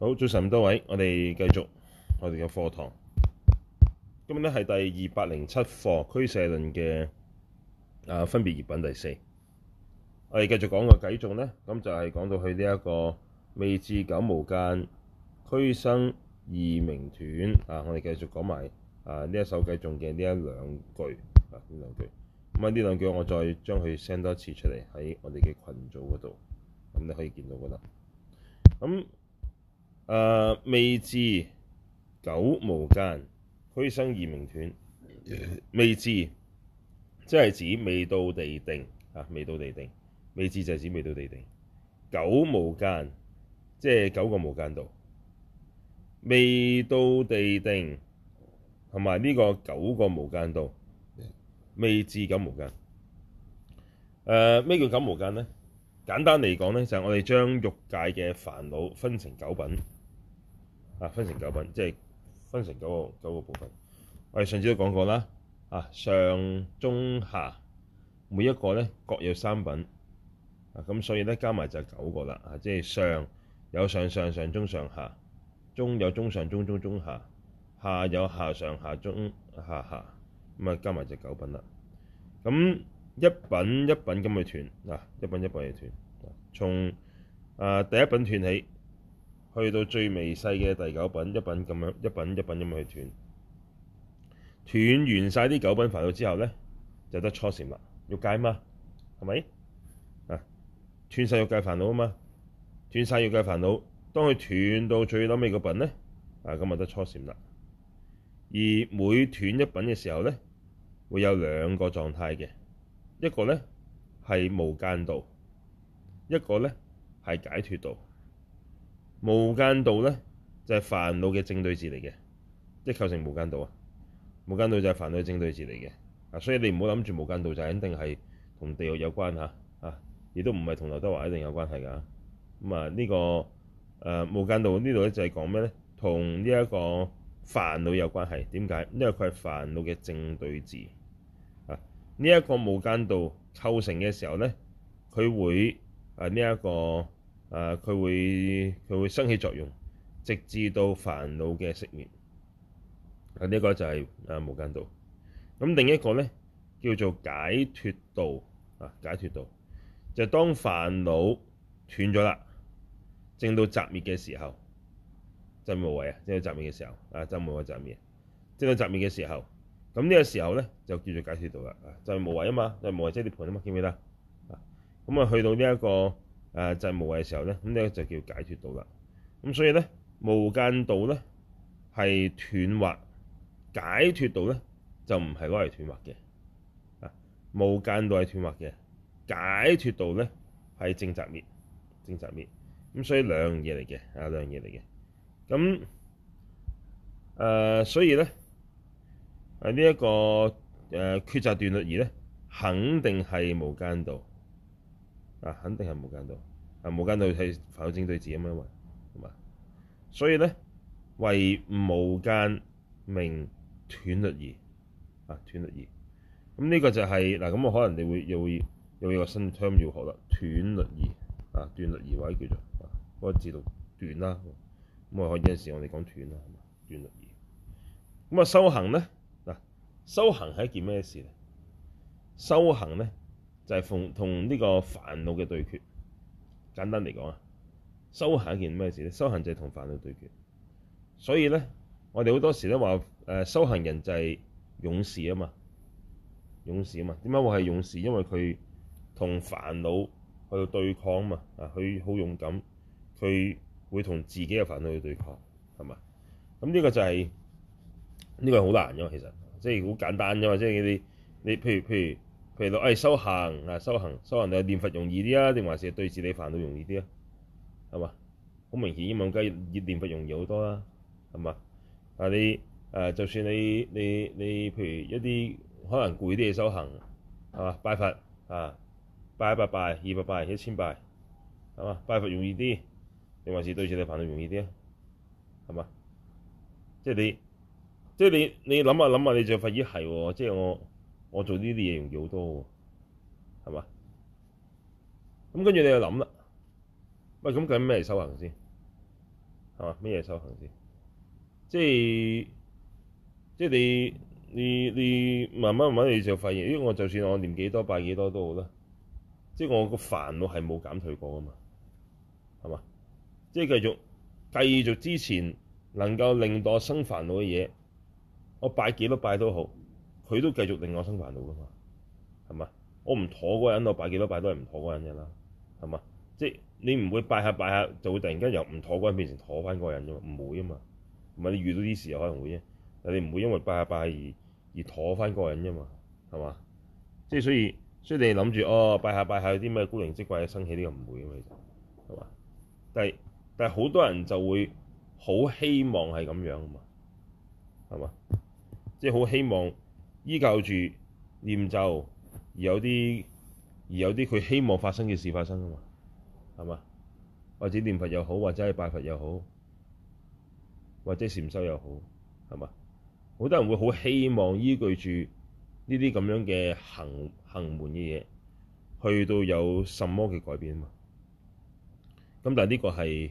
好，早晨咁多位，我哋繼續我哋嘅課堂。今日咧係第二百零七課《俱舍論》嘅啊，分別業品第四。我哋繼續講個偈頌咧，咁就係講到去呢一個「未至九無間，俱生二名斷」啊。我哋繼續講埋啊呢一首偈頌嘅呢一兩句啊，呢兩句。咁啊，呢兩句我再將佢 send 多一次出嚟喺我哋嘅群組嗰度，咁、啊、你可以見到噶啦。咁、啊啊！Uh, 未至九無間，俱生二名斷。Yeah. 未至即係指未到地定嚇、啊，未到地定，未至就係指未到地定。九無間即係九個無間道，未到地定同埋呢個九個無間道，未至九無間。誒、呃、咩叫九無間呢？簡單嚟講呢就係、是、我哋將欲界嘅煩惱分成九品。啊，分成九品，即係分成九個九個部分。我哋上次都講過啦，啊上中下每一個咧各有三品，啊咁所以咧加埋就九個啦，啊即係上有上上上中上下，中有中上中中中下，下有下上下中下下，咁啊加埋就九品啦。咁一品一品咁去斷啊，一品一品去斷、啊啊，從啊第一品斷起。去到最微細嘅第九品，一品咁樣一品一品咁樣去斷斷，斷完晒啲九品煩惱之後咧，就得初禪啦。欲界嘛，係咪啊？斷晒欲界煩惱啊嘛，斷晒欲界煩惱。當佢斷到最攞尾個品咧啊，咁咪得初禪啦。而每斷一品嘅時候咧，會有兩個狀態嘅，一個咧係無間道，一個咧係解脫道。無間道咧就係煩惱嘅正對治嚟嘅，即係構成無間道啊！無間道就係煩惱嘅正對治嚟嘅啊！所以你唔好諗住無間道就肯定係同地獄有關吓啊，亦都唔係同劉德華一定有關係噶。咁啊，、這個、啊呢個誒無間道呢度咧就係講咩咧？同呢一個煩惱有關係。點解？因為佢係煩惱嘅正對治啊！呢、這、一個無間道構成嘅時候咧，佢會誒呢一個。啊，佢會佢會生起作用，直至到煩惱嘅熄滅。啊，呢、這個就係、是、啊無間道。咁另一個咧叫做解脫道。啊，解脫道、啊、解脫道就係、是、當煩惱斷咗啦，證到擇滅嘅時候就無為啊！證到擇滅嘅時候啊，證無為擇滅。證到擇滅嘅時候，咁呢個時候咧、啊啊、就叫做解脫道啦、啊啊。啊，就係、是、無為啊嘛，就無為即係涅槃啊嘛，記唔記得？啊，咁啊去、啊啊啊啊啊、到呢一、這個。誒寂、啊就是、無嘅時候咧，咁呢個就叫解脫道啦。咁所以咧，無間道咧係斷惑，解脫道咧就唔係攞嚟斷惑嘅。啊，無間道係斷惑嘅，解脫道咧係證擇滅，證擇滅。咁所以兩樣嘢嚟嘅，啊兩樣嘢嚟嘅。咁誒、啊，所以咧，誒呢一個誒抉擇斷律儀咧，肯定係無間道。啊，肯定係無間道。啊！無間道係反正正對治咁樣位，係嘛？所以咧，唯無間名斷律儀啊，斷律儀。咁、嗯、呢、這個就係、是、嗱，咁、啊、我可能你會又會又有個新 term 要學啦，斷律儀啊，斷律儀、啊、或者叫做，嗰個、啊、字道斷啦。咁啊，有、嗯、陣時我哋講斷啦，係、啊、嘛？斷律儀。咁啊，修行咧嗱、啊，修行係一件咩事咧？修行咧就係同同呢個煩惱嘅對決。簡單嚟講啊，修行一件咩事咧？修行就係同煩惱對決，所以咧，我哋好多時都話誒修行人就係勇士啊嘛，勇士啊嘛。點解會係勇士？因為佢同煩惱去到對抗啊嘛，啊佢好勇敢，佢會同自己嘅煩惱去對抗，係嘛？咁呢個就係，呢個係好難嘅，其實即係好簡單嘅嘛，即係你你譬如譬如。譬如譬如落，誒修行啊，修行修行，你係念佛容易啲啊，定還是對住你煩惱容易啲啊？係嘛？好明顯，梗係念佛容易好多啦，係嘛？啊你誒、呃，就算你你你，譬如一啲可能攰啲嘢修行，係嘛？拜佛啊，拜一百拜、二百拜、一千拜，係嘛？拜佛容易啲，定還是對住你煩惱容易啲啊？係嘛？即係你，即係你，你諗下諗下，你仲發現係喎，即係我。我做呢啲嘢容易好多喎，係嘛？咁跟住你就諗啦，喂，咁究竟咩嚟修行先？係嘛？咩嘢修行先？即係即係你你你慢慢慢慢你就發現，咦？我就算我念幾多拜幾多都好啦，即係我個煩惱係冇減退過噶嘛，係嘛？即係繼續繼續之前能夠令到我生煩惱嘅嘢，我拜幾多拜都好。佢都繼續令我生煩惱噶嘛，係嘛？我唔妥嗰人，我拜幾多拜都係唔妥嗰人嘅啦，係嘛？即係你唔會拜下拜下就會突然間由唔妥嗰人變成妥翻嗰人啫嘛，唔會啊嘛。唔係你遇到啲事又可能會啫，但你唔會因為拜下拜下而而妥翻嗰人啫嘛，係嘛？即係所，所以，所以你諗住哦，拜下拜下，拜下有啲咩古靈精怪生起呢個唔會啊嘛，其實係嘛？但係但係好多人就會好希望係咁樣啊嘛，係嘛？即係好希望。依靠住念咒，而有啲而有啲佢希望發生嘅事發生啊嘛，係嘛？或者念佛又好，或者係拜佛又好，或者禪修又好，係嘛？好多人會好希望依據住呢啲咁樣嘅行行門嘅嘢，去到有什麼嘅改變啊嘛，咁但係呢個係，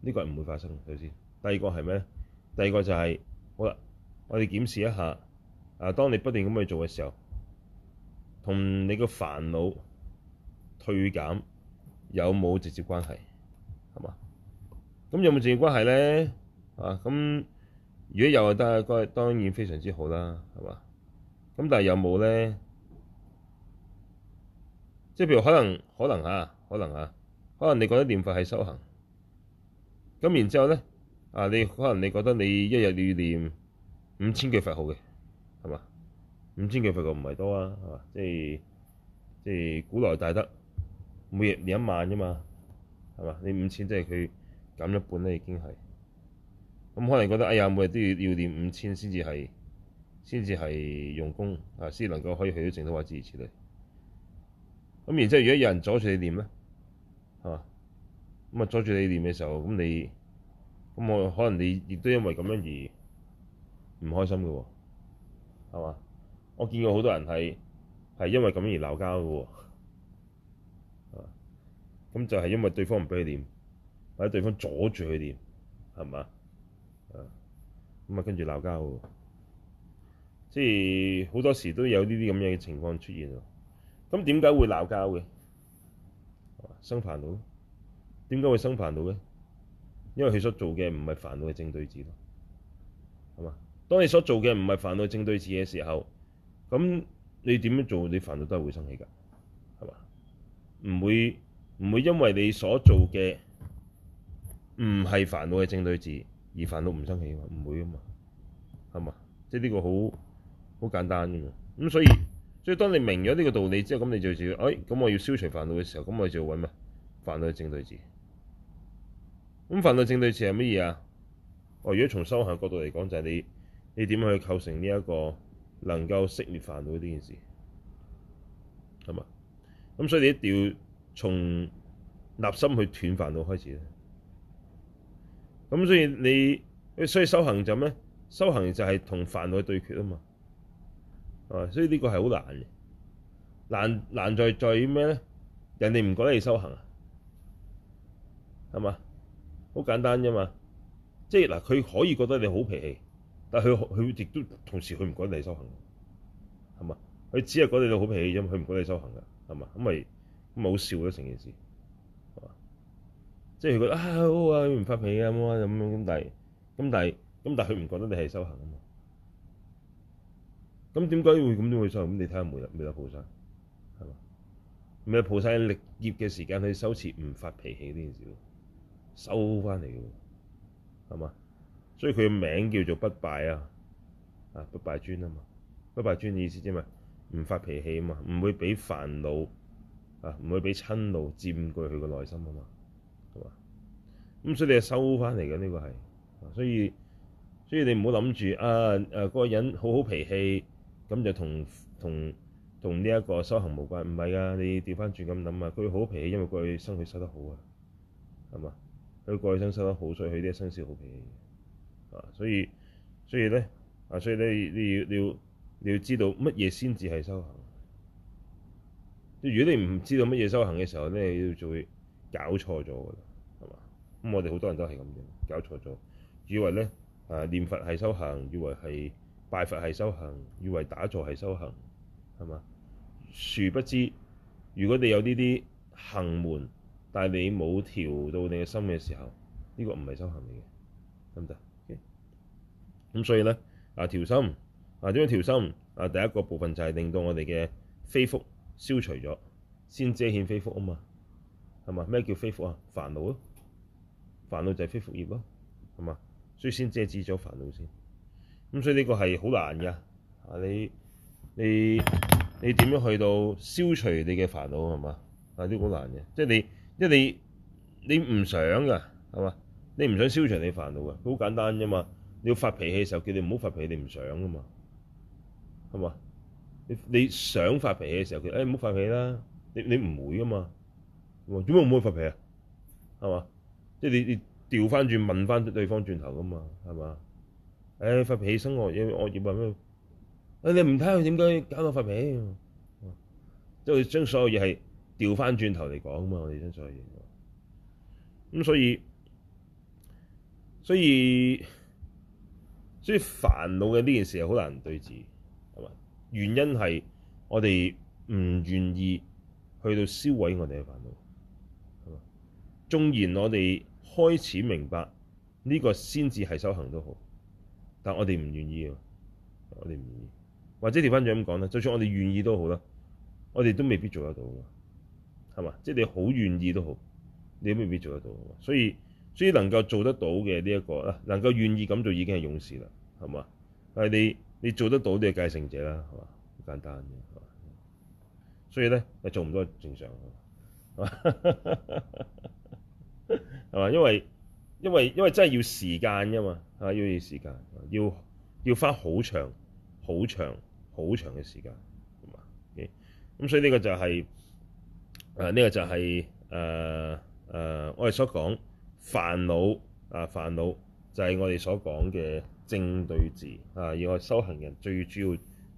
呢個唔會發生，首先，第二個係咩？第二個就係、是，好啦，我哋檢視一下。啊！當你不斷咁去做嘅時候，同你個煩惱退減有冇直接關係？係嘛？咁有冇直接關係咧？啊！咁如果有係得，當然非常之好啦，係嘛？咁但係有冇咧？即係譬如可能可能啊，可能啊，可能你覺得念佛係修行，咁然之後咧啊，你可能你覺得你一日要唸五千句佛號嘅。五千嘅費用唔係多啊，係嘛？即係即係古來大德，每日念一萬啫嘛，係嘛？你五千即係佢減一半咧，已經係。咁、嗯、可能覺得哎呀，每日都要要念五千先至係，先至係用功啊，先能夠可以去到正或話如此類。咁、嗯、然之後，如果有人阻住你念咧，係嘛？咁啊，嗯、阻住你念嘅時候，咁你，咁我可能你亦都因為咁樣而唔開心嘅喎、啊。係嘛？我見過好多人係係因為咁而鬧交噶喎，咁就係因為對方唔俾你點，或者對方阻住佢點，係嘛？咁啊，跟住鬧交喎，即係好多時都有呢啲咁樣嘅情況出現。咁點解會鬧交嘅？生煩惱咯。點解會生煩惱咧？因為佢所做嘅唔係煩惱嘅正對治咯，係嘛？當你所做嘅唔係煩惱正對治嘅時候，咁你點樣做？你煩惱都係會生氣㗎，係嘛？唔會唔會因為你所做嘅唔係煩惱嘅正對治而煩惱唔生氣嘛？唔會啊嘛，係嘛？即係呢個好好簡單嘅嘛。咁所以，所以當你明咗呢個道理之後，咁你就要，哎，咁我要消除煩惱嘅時候，咁我就要揾咩？煩惱正對治。咁煩惱正對治係乜嘢啊？哦，如果從修行角度嚟講，就係你。你點去構成呢一個能夠息滅煩惱呢件事，係嘛？咁所以你一定要從立心去斷煩惱開始咧。咁所以你所以修行就咩？修行就係同煩惱對決啊嘛，係嘛？所以呢個係好難嘅，難難在在於咩咧？人哋唔覺得你修行啊，係嘛？好簡單啫嘛，即係嗱，佢可以覺得你好脾氣。但佢佢亦都同時佢唔覺得你修行，係嘛？佢只係覺得你好脾氣啫嘛，佢唔覺得你修行嘅，係嘛？咁咪咁咪好笑咯成件事，係嘛？即係佢覺得啊，好啊，佢唔發脾氣啊咁樣咁咁，但係咁但係咁但係佢唔覺得你係修行啊嘛？咁點解會咁樣去修？咁你睇下彌勒菩薩，係嘛？彌勒菩薩歷劫嘅時間，佢修持唔發脾氣呢件事，收翻嚟喎，係嘛？所以佢嘅名叫做不敗啊，啊不敗尊啊嘛，不敗尊嘅意思啫嘛，唔發脾氣啊嘛，唔會俾煩惱啊，唔會俾親怒佔據佢個內心啊嘛，係嘛？咁所以你係收翻嚟嘅呢個係，所以所以你唔好諗住啊誒嗰、啊啊啊嗰個人好好脾氣，咁就同同同呢一個修行無關，唔係㗎，你調翻轉咁諗啊，佢好脾氣，因為佢生佢修得好啊，係嘛？佢過去生修得好，所以佢啲生事好脾氣。啊，所以所以咧，啊，所以咧，你要你要你要知道乜嘢先至係修行。即如果你唔知道乜嘢修行嘅時候咧，你就會搞錯咗㗎啦，係嘛？咁、嗯、我哋好多人都係咁樣搞錯咗，以為咧誒、啊、念佛係修行，以為係拜佛係修行，以為打坐係修行，係嘛？殊不知，如果你有呢啲行門，但係你冇調到你嘅心嘅時候，呢、呢個唔係修行嚟嘅，得唔得？咁所以咧啊，調心啊，點樣調心啊？第一個部分就係令到我哋嘅非福消除咗，先遮顯非福啊嘛，係嘛？咩叫非福啊？煩惱咯，煩惱就係非福業咯，係嘛？所以先遮止咗煩惱先。咁所以呢個係好難嘅啊！你你你點樣去到消除你嘅煩惱，係嘛？啊，都好難嘅，即係你，即係你你唔想㗎，係嘛？你唔想消除你煩惱㗎，好簡單啫嘛～你要發脾氣嘅時候，叫你唔好發脾氣，你唔想噶嘛，係嘛？你你想發脾氣嘅時候，叫誒唔好發脾氣啦，你你唔會噶嘛，點解唔會發脾啊？係嘛？即係你你調翻轉問翻對方轉頭噶嘛，係嘛？誒發脾氣生我，我要問咩？誒你唔睇佢點解搞到發脾氣，即係佢將所有嘢係調翻轉頭嚟講啊嘛，我哋將所有嘢，咁所以所以。所以所以所以煩惱嘅呢件事係好難對治，係嘛？原因係我哋唔願意去到銷毀我哋嘅煩惱，縱然我哋開始明白呢個先至係修行都好，但我哋唔願意啊！我哋唔願意，或者調翻轉咁講咧，就算我哋願意都好啦，我哋都未必做得到㗎，係嘛？即係你好願意都好，你都未必做得到。所以，所以能夠做得到嘅呢一個啦，能夠願意咁做已經係勇士啦。係嘛？誒你你做得到啲嘅繼承者啦，係嘛？好簡單嘅，係嘛？所以咧，你做唔到正常，係嘛？係 嘛？因為因為因為真係要時間嘅嘛，係嘛？要要時間，要要花好長好長好長嘅時間，係嘛？咁所以呢個就係誒呢個就係誒誒我哋所講煩惱啊煩惱就係我哋所講嘅。正對治，啊！而我修行人最主要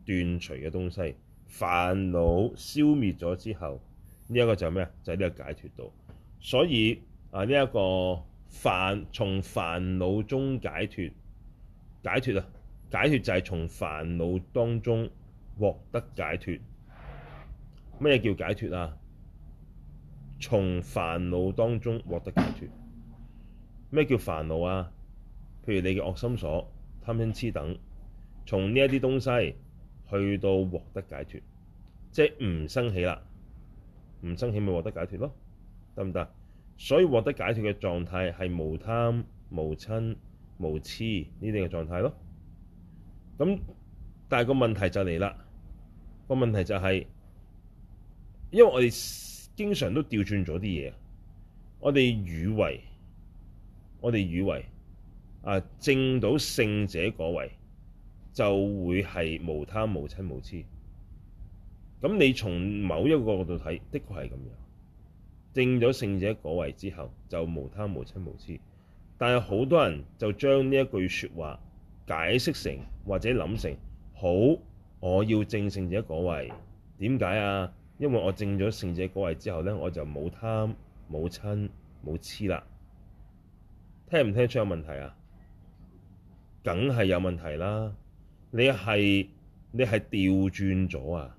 斷除嘅東西，煩惱消滅咗之後，呢、這、一個就咩啊？就呢、是、個解脫道。所以啊，呢、這、一個煩從煩惱中解脫，解脫啊！解脫就係從煩惱當中獲得解脫。咩叫解脫啊？從煩惱當中獲得解脫。咩叫煩惱啊？譬如你嘅惡心所。貪嗔痴等，從呢一啲東西去到獲得解脱，即係唔生起啦，唔生起咪獲得解脱咯，得唔得？所以獲得解脱嘅狀態係無貪、無嗔、無痴呢啲嘅狀態咯。咁但係個問題就嚟啦，個問題就係，因為我哋經常都調轉咗啲嘢，我哋以為，我哋以為。啊！證到聖者果位就會係無貪無瞋無痴。咁你從某一個角度睇，的確係咁樣。證咗聖者果位之後，就無貪無瞋無痴。但係好多人就將呢一句説話解釋成或者諗成：好，我要證聖者果位。點解啊？因為我證咗聖者果位之後呢，我就冇貪冇瞋冇痴啦。聽唔聽得出有問題啊？梗係有問題啦！你係你係調轉咗啊！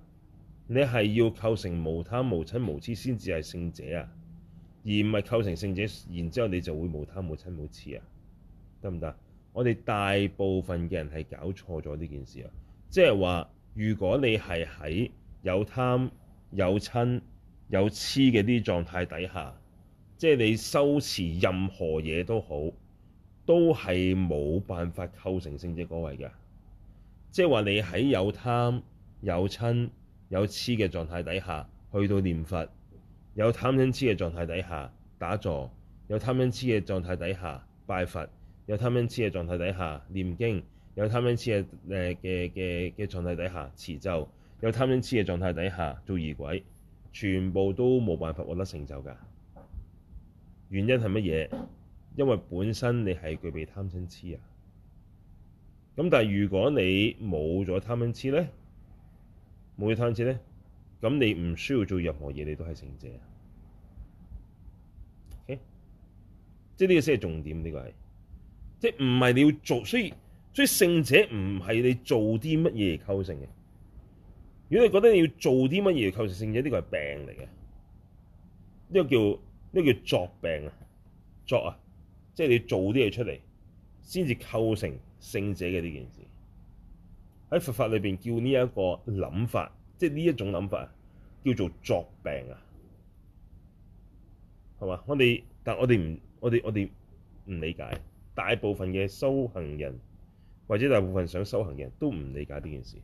你係要構成無貪無親無痴先至係聖者啊，而唔係構成聖者，然之後你就會無貪無親無痴啊，得唔得？我哋大部分嘅人係搞錯咗呢件事啊，即係話如果你係喺有貪有親有痴嘅呢啲狀態底下，即係你修持任何嘢都好，都係冇辦法構成聖者果位嘅，即係話你喺有貪有瞋有痴嘅狀態底下，去到念佛有貪瞋痴嘅狀態底下，打坐有貪瞋痴嘅狀態底下，拜佛有貪瞋痴嘅狀態底下，念經有貪瞋痴嘅誒嘅嘅嘅狀態底下，持咒有貪瞋痴嘅狀態底下做儀軌，全部都冇辦法獲得成就㗎。原因係乜嘢？因為本身你係具備貪嗔痴啊，咁但係如果你冇咗貪嗔痴咧，冇咗貪嗔痴咧，咁你唔需要做任何嘢，你都係聖者。OK，即係呢個先係重點，呢個係，即係唔係你要做，所以所以聖者唔係你做啲乜嘢嚟構成嘅。如果你覺得你要做啲乜嘢嚟構成聖者，呢個係病嚟嘅，呢個叫呢個叫作病啊，作啊！即係你做啲嘢出嚟，先至構成聖者嘅呢件事。喺佛法裏邊叫呢一個諗法，即係呢一種諗法啊，叫做作病啊，係嘛？我哋但我哋唔，我哋我哋唔理解，大部分嘅修行人或者大部分想修行人都唔理解呢件事。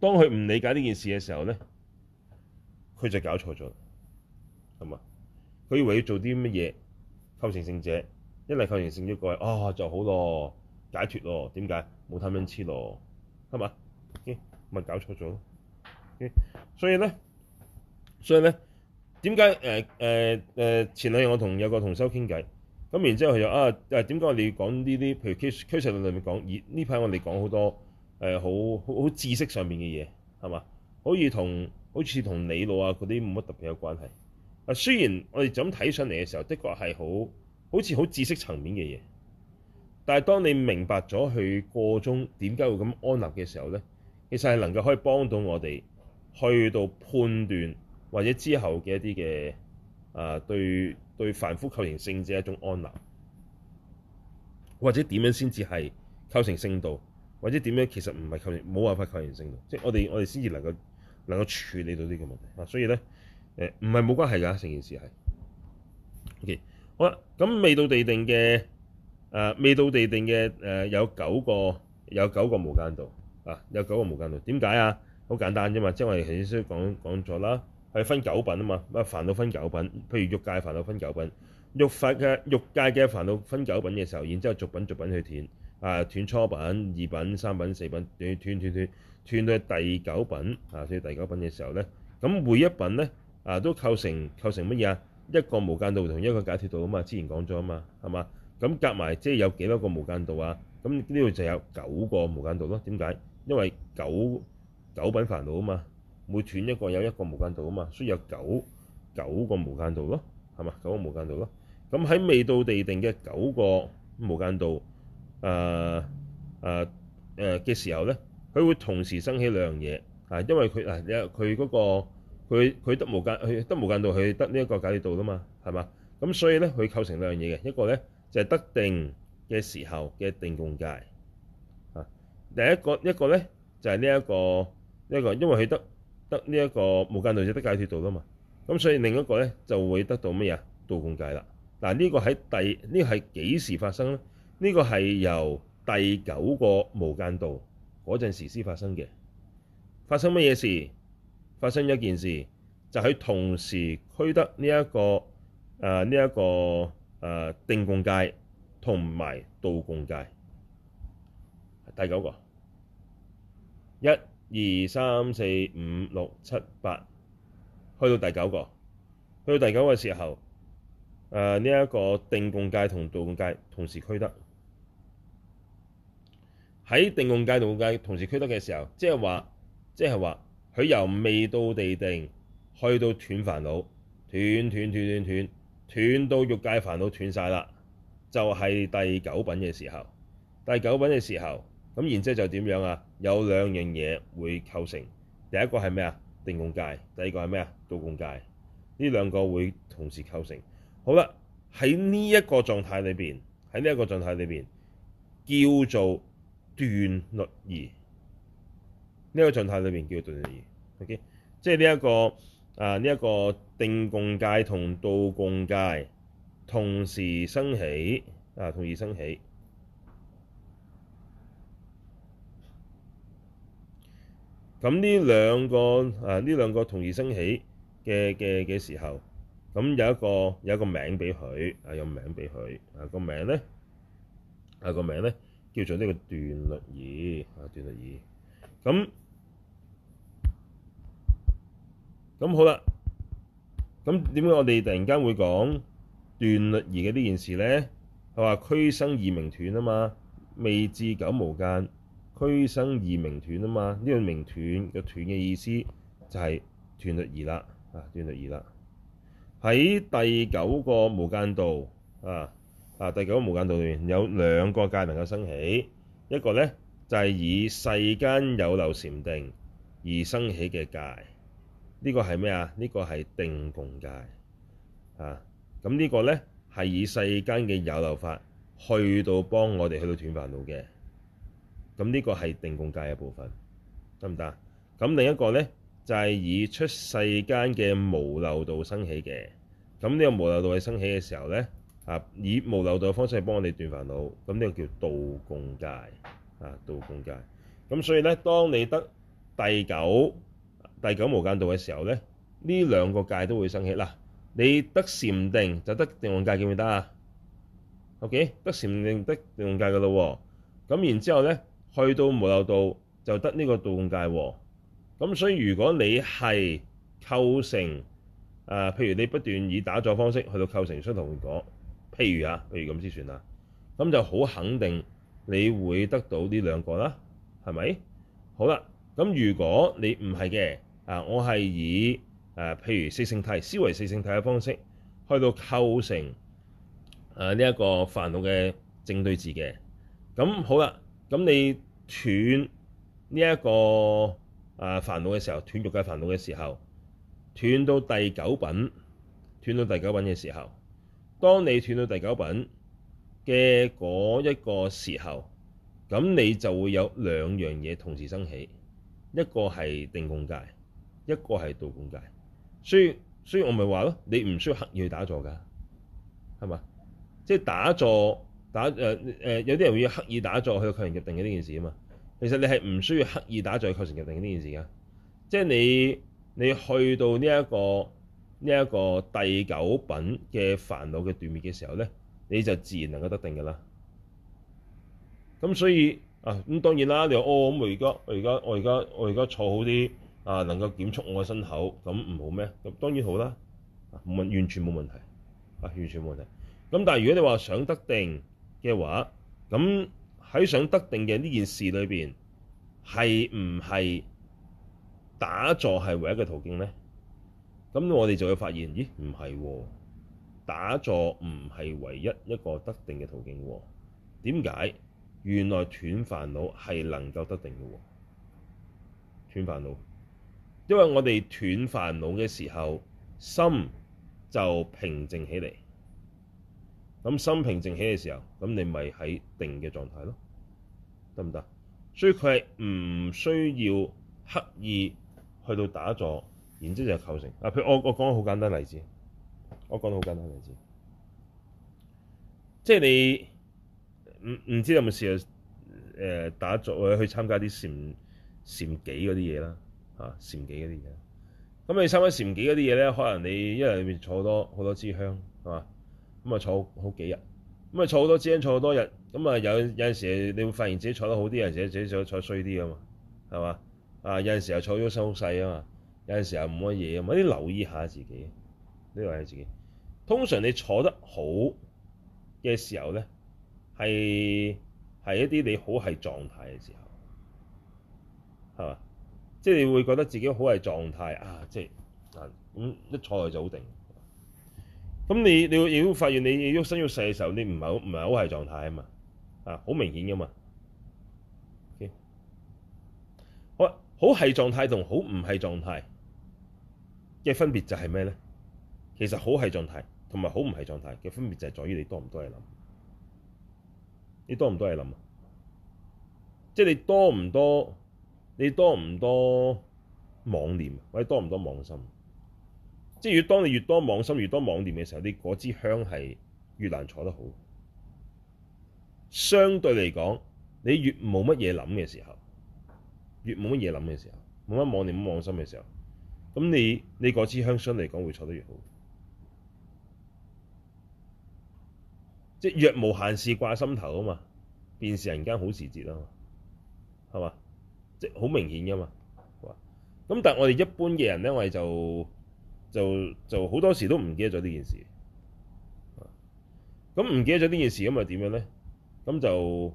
當佢唔理解呢件事嘅時候咧，佢就搞錯咗啦，係嘛？佢以為要做啲乜嘢？構成勝者，一嚟構成勝者過位，啊、哦、就好咯，解脫咯，點解冇貪嗔痴咯，係嘛？咦、嗯，咪搞錯咗？咦、嗯，所以咧，所以咧，點解誒誒誒前兩日我同有個同修傾偈，咁然之後佢就啊誒點解你講呢啲？譬如 case case 裡面講熱呢排我哋講、呃、好多誒好好好知識上面嘅嘢係嘛？好似同好似同你佬啊嗰啲冇乜特別有關係。啊，雖然我哋咁睇上嚟嘅時候，的確係好好似好知識層面嘅嘢，但係當你明白咗佢過中點解會咁安立嘅時候咧，其實係能夠可以幫到我哋去到判斷或者之後嘅一啲嘅啊對對凡夫構成聖者一種安立，或者點樣先至係構成聖道，或者點樣其實唔係構成冇辦法構成聖道，即係我哋我哋先至能夠能夠處理到呢個問題。啊，所以咧。誒唔係冇關係㗎，成件事係，OK 好啦，咁未到地定嘅誒、呃，未到地定嘅誒、呃、有九個有九個無間道啊，有九個無間道，點解啊？好簡單啫嘛，即係我哋頭先講講咗啦，係分九品啊嘛，乜煩惱分九品，譬如欲界煩惱分九品，欲界嘅欲界嘅煩惱分九品嘅時候，然之後逐品逐品去斷啊，斷初品、二品、三品、四品，斷斷斷斷到第九品啊，所以第九品嘅時候咧，咁每一品咧。啊，都構成構成乜嘢啊？一個無間道同一個解脫道啊嘛，之前講咗啊嘛，係嘛？咁夾埋即係有幾多個無間道啊？咁呢度就有九個無間道咯。點解？因為九九品煩惱啊嘛，每斷一個有一個無間道啊嘛，所以有九九個無間道咯，係嘛？九個無間道咯。咁喺未到地定嘅九個無間道，誒誒誒嘅時候咧，佢會同時生起兩樣嘢啊，因為佢啊，佢嗰、嗰個佢佢得無間，佢得無間道，佢得呢一個解脫道噶嘛，係嘛？咁所以咧，佢構成兩樣嘢嘅，一個咧就係、是、得定嘅時候嘅定共界定共戒啊。第一個一個咧就係呢一個一、這個，因為佢得得呢、這、一個無間道就得解脫道噶嘛。咁所以另一個咧就會得到乜嘢？道共戒啦。嗱、啊，呢、這個喺第呢、這個係幾時發生咧？呢、這個係由第九個無間道嗰陣時先發生嘅。發生乜嘢事？發生一件事，就喺、是、同時俱得呢、這、一個誒呢一個誒、呃、定共戒同埋道共戒，第九個，一二三四五六七八，去到第九個，去到第九個嘅時候，誒呢一個定共戒同道共戒同時俱得，喺定共戒同道共戒同時俱得嘅時候，即係話，即係話。佢由未到地定，去到斷煩惱，斷斷斷斷斷斷到欲界煩惱斷晒啦，就係、是、第九品嘅時候。第九品嘅時候，咁然之後就點樣啊？有兩樣嘢會構成，第一個係咩啊？定共戒。第二個係咩啊？道共戒。呢兩個會同時構成。好啦，喺呢一個狀態裏邊，喺呢一個狀態裏邊叫做斷律儀。呢、這個狀態裏邊叫做斷律儀。Okay. 即係呢一個啊，呢一個定共戒同道共戒同時生起啊，同時生起。咁呢兩個啊，呢兩個同時生起嘅嘅嘅時候，咁有一個有一個名俾佢啊，有名俾佢啊，個名咧啊，個名咧叫做呢個斷律儀啊，斷律儀咁。咁好啦，咁點解我哋突然間會講斷律儀嘅呢件事咧？係話俱生二名斷啊嘛，未至九無間俱生二名斷啊嘛。呢、這個名斷嘅斷嘅意思就係斷律儀啦，啊斷律儀啦。喺第九個無間道啊啊，第九個無間道裏面有兩個戒能夠生起，一個咧就係、是、以世間有漏禪定而生起嘅戒。呢個係咩啊？呢、這個係定共戒啊！咁、這個、呢個咧係以世間嘅有漏法去到幫我哋去到斷煩惱嘅。咁、啊、呢、這個係定共戒嘅部分，得唔得？咁、啊、另一個咧就係、是、以出世間嘅無漏道生起嘅。咁、啊、呢、這個無漏道喺生起嘅時候咧，啊以無漏道嘅方式去幫我哋斷煩惱。咁、啊、呢、這個叫道共戒啊，道共戒。咁、啊、所以咧，當你得第九。第九無間道嘅時候咧，呢兩個戒都會生起嗱。你得禪定就得定共戒，記唔記得啊？OK，得禪定得定共戒噶咯喎。咁然之後咧，去到無漏道就得呢個道共戒喎。咁所以如果你係構成誒、呃，譬如你不斷以打坐方式去到構成相同結果，譬如啊，譬如咁、啊、先算啦。咁就好肯定你會得到呢兩個啦，係咪？好啦，咁如果你唔係嘅，啊！我係以誒、啊，譬如四聖諦、思維四聖諦嘅方式去到構成誒呢一個煩惱嘅正對治嘅。咁好啦，咁你斷呢一個誒煩惱嘅時候，斷欲嘅煩惱嘅時候，斷到第九品，斷到第九品嘅時候，當你斷到第九品嘅嗰一個時候，咁你就會有兩樣嘢同時生起，一個係定共戒。一個係道共戒，所以，所以我咪話咯，你唔需要刻意去打坐噶，係嘛？即係打坐打誒誒、呃，有啲人會刻意打坐去求神入定嘅呢件事啊嘛。其實你係唔需要刻意打坐去求神入定嘅呢件事噶，即係你你去到呢、呢、一個呢一、呢個第九品嘅煩惱嘅斷滅嘅時候咧，你就自然能夠得定噶啦。咁所以啊，咁當然啦，你話哦，咁我而家我而家我而家我而家坐好啲。啊！能夠檢束我嘅身口咁唔好咩？咁當然好啦，冇問完全冇問題啊，完全冇問題。咁但係如果你話想得定嘅話，咁喺想得定嘅呢件事裏邊係唔係打坐係唯一嘅途徑咧？咁我哋就會發現，咦，唔係喎，打坐唔係唯一一個得定嘅途徑喎、哦。點解？原來斷煩惱係能夠得定嘅喎、哦，斷煩惱。因為我哋斷煩惱嘅時候，心就平靜起嚟。咁心平靜起嘅時候，咁你咪喺定嘅狀態咯，得唔得？所以佢係唔需要刻意去到打坐，然之後就構成。啊，譬如我我講個好簡單例子，我講到好簡單例子，即係你唔唔知有冇試過誒打坐啊，或者去參加啲禪禪幾嗰啲嘢啦。啊，禪幾啲嘢，咁你參加禪幾啲嘢咧，可能你一日裡面坐多好多支香係嘛，咁啊、嗯、坐好，好幾日，咁、嗯、啊坐好多支香坐好多日，咁、嗯、啊有有陣時你會發現自己坐得好啲，有陣時自己坐坐衰啲啊嘛，係嘛，啊有陣時又坐咗收腹細啊嘛，有陣時又冇乜嘢啊嘛，啲留意下自己，呢個係自己。通常你坐得好嘅時候咧，係係一啲你好係狀態嘅時候，係嘛？即係你會覺得自己好係狀態啊！即係啊，咁一坐去就好定。咁你你亦都發現你喐身喐勢嘅時候你，你唔係好唔係好係狀態啊嘛，啊好明顯噶嘛。好，好係狀態同好唔係狀態嘅分別就係咩咧？其實好係狀態同埋好唔係狀態嘅分別就係在於你多唔多嘢諗。你多唔多嘢諗？即係你多唔多？你多唔多妄念，或者多唔多妄心？即係越當你越多妄心、越多妄念嘅時候，你嗰支香係越難坐得好。相對嚟講，你越冇乜嘢諗嘅時候，越冇乜嘢諗嘅時候，冇乜妄念、冇妄心嘅時候，咁你你嗰支香相嚟講會坐得越好。即係若無閒事掛心頭啊嘛，便是人間好時節啊嘛，係嘛？即好明顯噶嘛，咁但係我哋一般嘅人咧，我哋就就就好多時都唔記得咗呢件事。咁、嗯、唔記得咗呢件事咁，咪點樣咧？咁就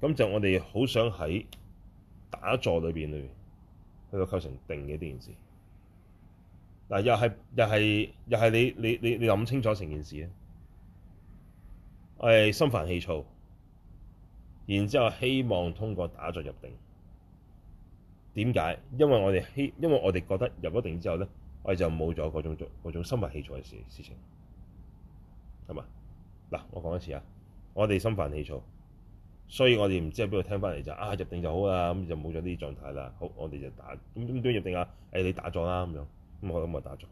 咁就我哋好想喺打坐裏邊裏邊去到構成定嘅呢件事。嗱，又係又係又係你你你你諗清楚成件事咧，我哋心煩氣躁，然之後希望通過打坐入定。點解？因為我哋希，因為我哋覺得入咗定之後咧，我哋就冇咗嗰種種心煩氣躁嘅事事情，係嘛？嗱，我講一次啊，我哋心煩氣躁，所以我哋唔知喺邊度聽翻嚟就啊入定就好啦，咁就冇咗呢啲狀態啦。好，我哋就打，咁點樣入定啊？誒、哎，你打咗啦咁樣，咁我咁我打坐，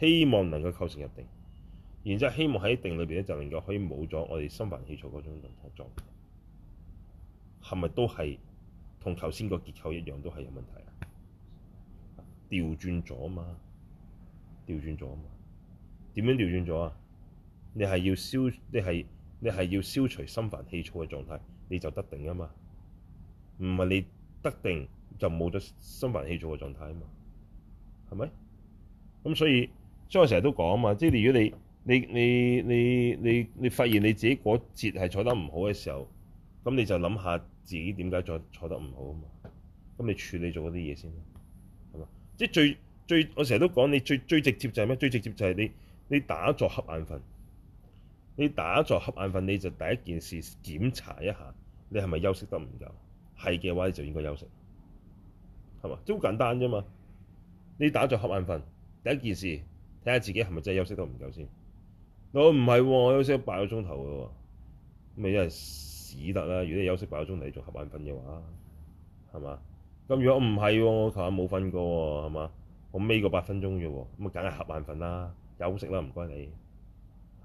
希望能夠構成入定，然之後希望喺定裏邊咧就能夠可以冇咗我哋心煩氣躁嗰種狀態，係咪都係？同頭先個結構一樣，都係有問題啊！調轉咗啊嘛，調轉咗啊嘛，點樣調轉咗啊？你係要消，你係你係要消除心煩氣躁嘅狀態，你就得定啊嘛！唔係你得定就冇咗心煩氣躁嘅狀態啊嘛，係咪？咁所以，所以我成日都講啊嘛，即係如果你你你你你你發現你自己嗰節係坐得唔好嘅時候，咁你就諗下。自己點解坐坐得唔好啊嘛？咁你處理咗嗰啲嘢先，係嘛？即係最最，我成日都講你最最直接就係咩？最直接就係你你打坐瞌眼瞓，你打坐瞌眼瞓，你就第一件事檢查一下你係咪休息得唔夠？係嘅話，你就應該休息，係嘛？即好簡單啫嘛。你打坐瞌眼瞓，第一件事睇下自己係咪真係休息得唔夠先。我唔係喎，我休息八個鐘頭嘅喎，咁咪係。只得啦，如果你休息八分，分鐘嚟做合眼瞓嘅話，係嘛？咁如果唔係喎，我琴晚冇瞓過喎，係嘛？我尾個八分鐘啫喎，咁啊梗係合眼瞓啦，休息啦，唔該你，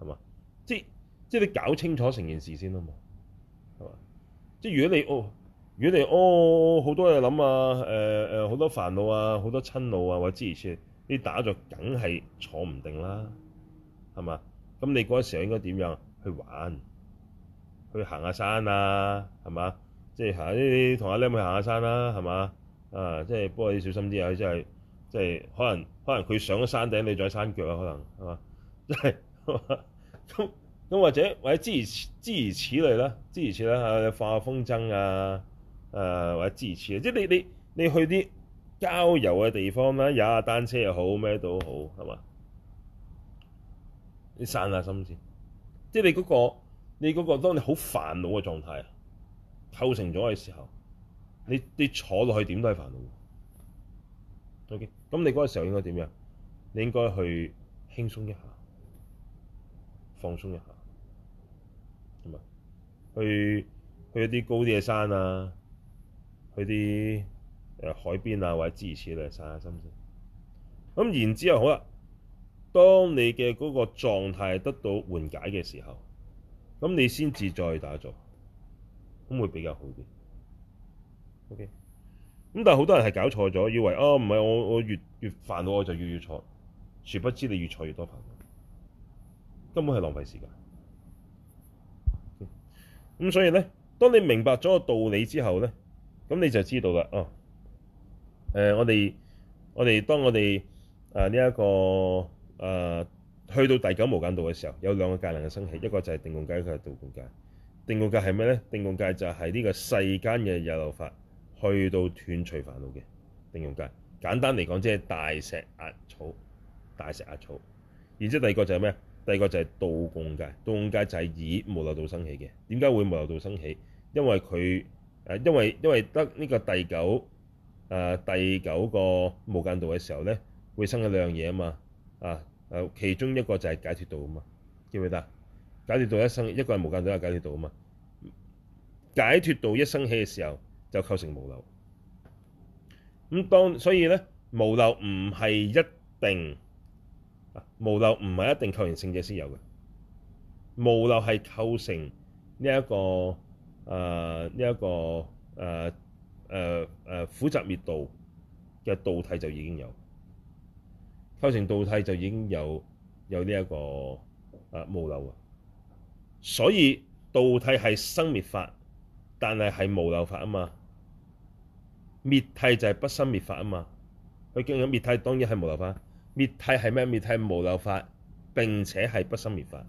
係嘛？即即你搞清楚成件事先啦嘛，係嘛？即如果你哦，如果你哦好多嘢諗啊，誒誒好多煩惱啊，好多親怒啊，或者之餘先，你打咗梗係坐唔定啦，係嘛？咁你嗰陣時候應該點樣去玩？去行下山啊，係嘛？即係行啲同阿靚妹行下山啦，係嘛？啊，即係不過要小心啲啊！即係即係可能可能佢上咗山頂，你再山腳啊，可能係嘛？即係咁咁或者或者諸如諸如此類啦，諸如此啦嚇，你放下風箏啊，啊或者諸如此啊，即係你你你去啲郊遊嘅地方啦，踩下單車又好，咩都好係嘛？你散下心先，即係你嗰個。你嗰個當你好煩惱嘅狀態構成咗嘅時候，你你坐落去點都係煩惱。咁、okay. 你嗰個時候應該點樣？你應該去輕鬆一下，放鬆一下，咁啊，去去一啲高啲嘅山啊，去啲誒、呃、海邊啊，或者諸如此類散下心先。咁然之後好啦、啊，當你嘅嗰個狀態得到緩解嘅時候。咁你先至再打坐，咁會比較好啲。OK，咁但係好多人係搞錯咗，以為啊，唔係我我越越煩我就要要坐，殊不知你越坐越多煩，根本係浪費時間。咁、嗯、所以咧，當你明白咗個道理之後咧，咁你就知道啦。哦，誒、呃、我哋我哋當我哋誒呢一個誒。呃去到第九無間道嘅時候，有兩個戒能嘅生起，一個就係定共戒，一個係道共戒。定共戒係咩咧？定共戒就係呢個世間嘅有漏法，去到斷除煩惱嘅定共戒。簡單嚟講，即係大石壓草，大石壓草。然之後第二個就係咩？第二個就係道共戒，道共戒就係以無漏道生起嘅。點解會無漏道生起？因為佢誒、呃，因為因為得呢個第九誒、呃、第九個無間道嘅時候咧，會生一兩嘢啊嘛啊！其中一個就係解脫道啊嘛，記唔記得？解脫道一生，一個係無間道，一個解脫道啊嘛。解脫道一生起嘅時候，就構成無漏。咁當所以咧，無漏唔係一定，無漏唔係一定構成聖者先有嘅。無漏係構成呢、呢、一個誒，呢、呃、一、呢個誒誒誒苦集滅道嘅道體就已經有。構成道體就已經有有呢、這、一個啊無漏啊，所以道體係生滅法，但係係無漏法啊嘛。滅體就係不生滅法啊嘛。佢講滅體當然係無漏法，滅體係咩？滅體係無漏法，並且係不生滅法。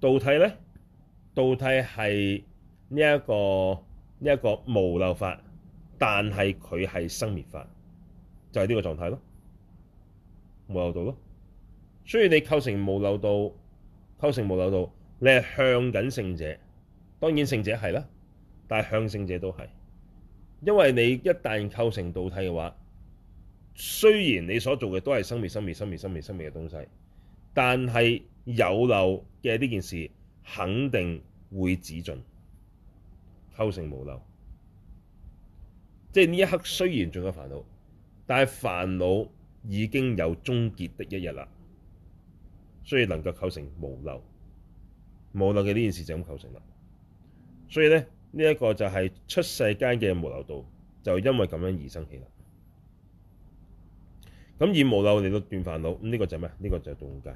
道體咧，道體係呢一個呢一、這個無漏法，但係佢係生滅法，就係、是、呢個狀態咯。無漏道咯，所以雖然你構成無漏道，構成無漏道，你係向緊聖者，當然聖者係啦，但係向聖者都係，因為你一旦構成道體嘅話，雖然你所做嘅都係生滅生滅生滅生滅生滅嘅東西，但係有漏嘅呢件事肯定會止盡，構成無漏，即係呢一刻雖然仲有煩惱，但係煩惱。已經有終結的一日啦，所以能夠構成無漏，無漏嘅呢件事就咁構成啦。所以咧，呢、這、一個就係出世間嘅無漏道，就因為咁樣而生起啦。咁以無漏嚟到斷煩惱，咁、這、呢個就係咩？呢、這個就係道共戒。咁、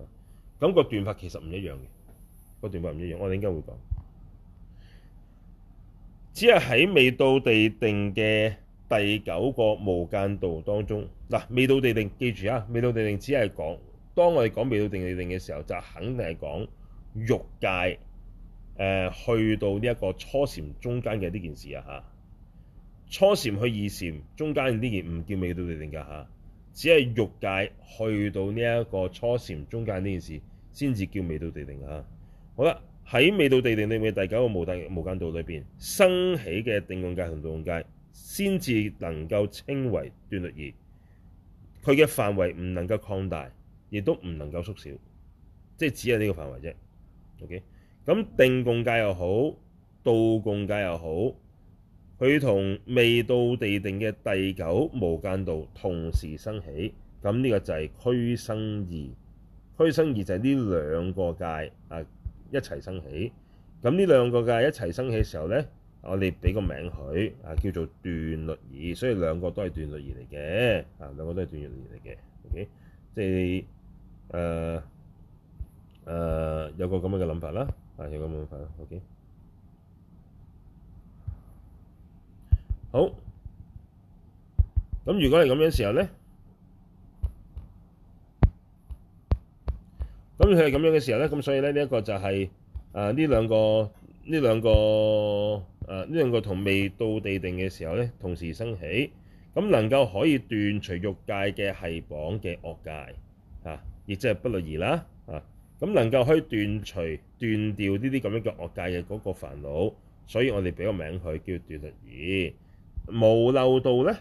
嗯，那個斷法其實唔一樣嘅，那個斷法唔一樣。我哋應該會講，只係喺未到地定嘅。第九個無間道當中嗱，未到地定，記住啊，未到地定只係講當我哋講未到地定嘅時候，就肯定係講欲界誒、呃、去到呢一個初禪中間嘅呢件事啊。嚇，初禪去二禪中間呢件唔叫未到地定㗎。嚇，只係欲界去到呢一個初禪中間呢件事先至叫未到地定啊。好啦，喺未到地定裏面第九個無間無間道裏邊生起嘅定共戒同道共戒，先至能夠稱為斷律儀，佢嘅範圍唔能夠擴大，亦都唔能夠縮小，即係只係呢個範圍啫。OK，咁定共戒又好，道共戒又好，佢同未到地定嘅第九無間道同時生起，咁呢個就係俱生二。俱生二就係呢兩個戒啊一齊生起，咁呢兩個戒一齊生起嘅時候咧。我哋俾個名佢啊，叫做斷律儀，所以兩個都係斷律儀嚟嘅，啊兩個都係斷律儀嚟嘅，OK，即係誒誒有個咁樣嘅諗法啦，啊有個咁樣諗法啦，OK，好，咁如果係咁樣嘅時候咧，咁佢係咁樣嘅時候咧，咁所以咧呢一個就係啊呢兩個呢兩個。誒呢兩個同未到地定嘅時候咧，同時生起，咁能夠可以斷除欲界嘅繫縛嘅惡戒，嚇、啊，亦即係不律儀啦，嚇、啊，咁能夠可以斷除斷掉呢啲咁樣嘅惡戒嘅嗰個煩惱，所以我哋俾個名佢叫斷律儀。無漏道咧，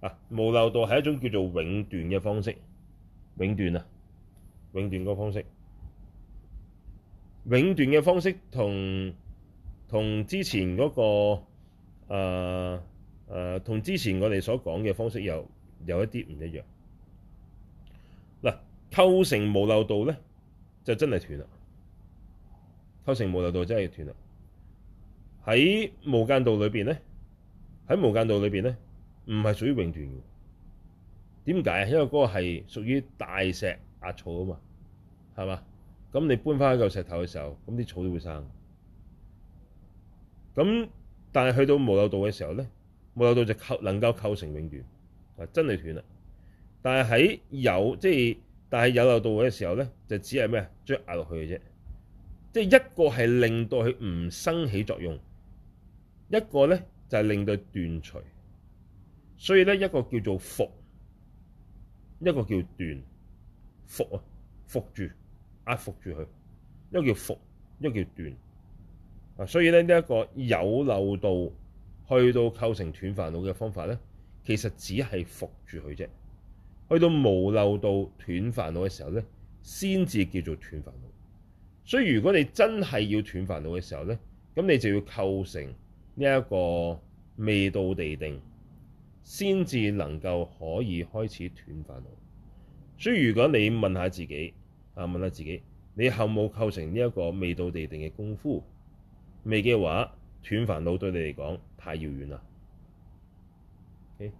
啊，無漏道係一種叫做永斷嘅方式，永斷啊，永斷個方式，永斷嘅方式同同之前嗰個誒誒，同之前我哋所講嘅方式有有一啲唔一樣。嗱，構成無漏道咧，就真係斷啦。構成無漏道真係斷啦。喺無間道裏邊咧，喺無間道裏邊咧，唔係屬於永斷嘅。點解？因為嗰個係屬於大石壓草啊嘛，係嘛？咁你搬翻一嚿石頭嘅時候，咁啲草都會生。咁，但係去到無漏道嘅時候咧，無漏道就構能夠構成永斷，啊真係斷啦。但係喺有即係、就是，但係有漏道嘅時候咧，就只係咩啊，將壓落去嘅啫。即、就、係、是、一個係令到佢唔生起作用，一個咧就係、是、令到佢斷除。所以咧一個叫做伏，一個叫斷。伏啊，伏住，壓伏住佢。一個叫伏，一個叫斷。啊，所以咧呢一個有漏道去到構成斷煩惱嘅方法呢，其實只係伏住佢啫。去到無漏道斷煩惱嘅時候呢，先至叫做斷煩惱。所以如果你真係要斷煩惱嘅時候呢，咁你就要構成呢一個未到地定，先至能夠可以開始斷煩惱。所以如果你問下自己啊，問下自己，你有冇構成呢一個未到地定嘅功夫？未嘅話，斷煩惱對你嚟講太遙遠啦。誒，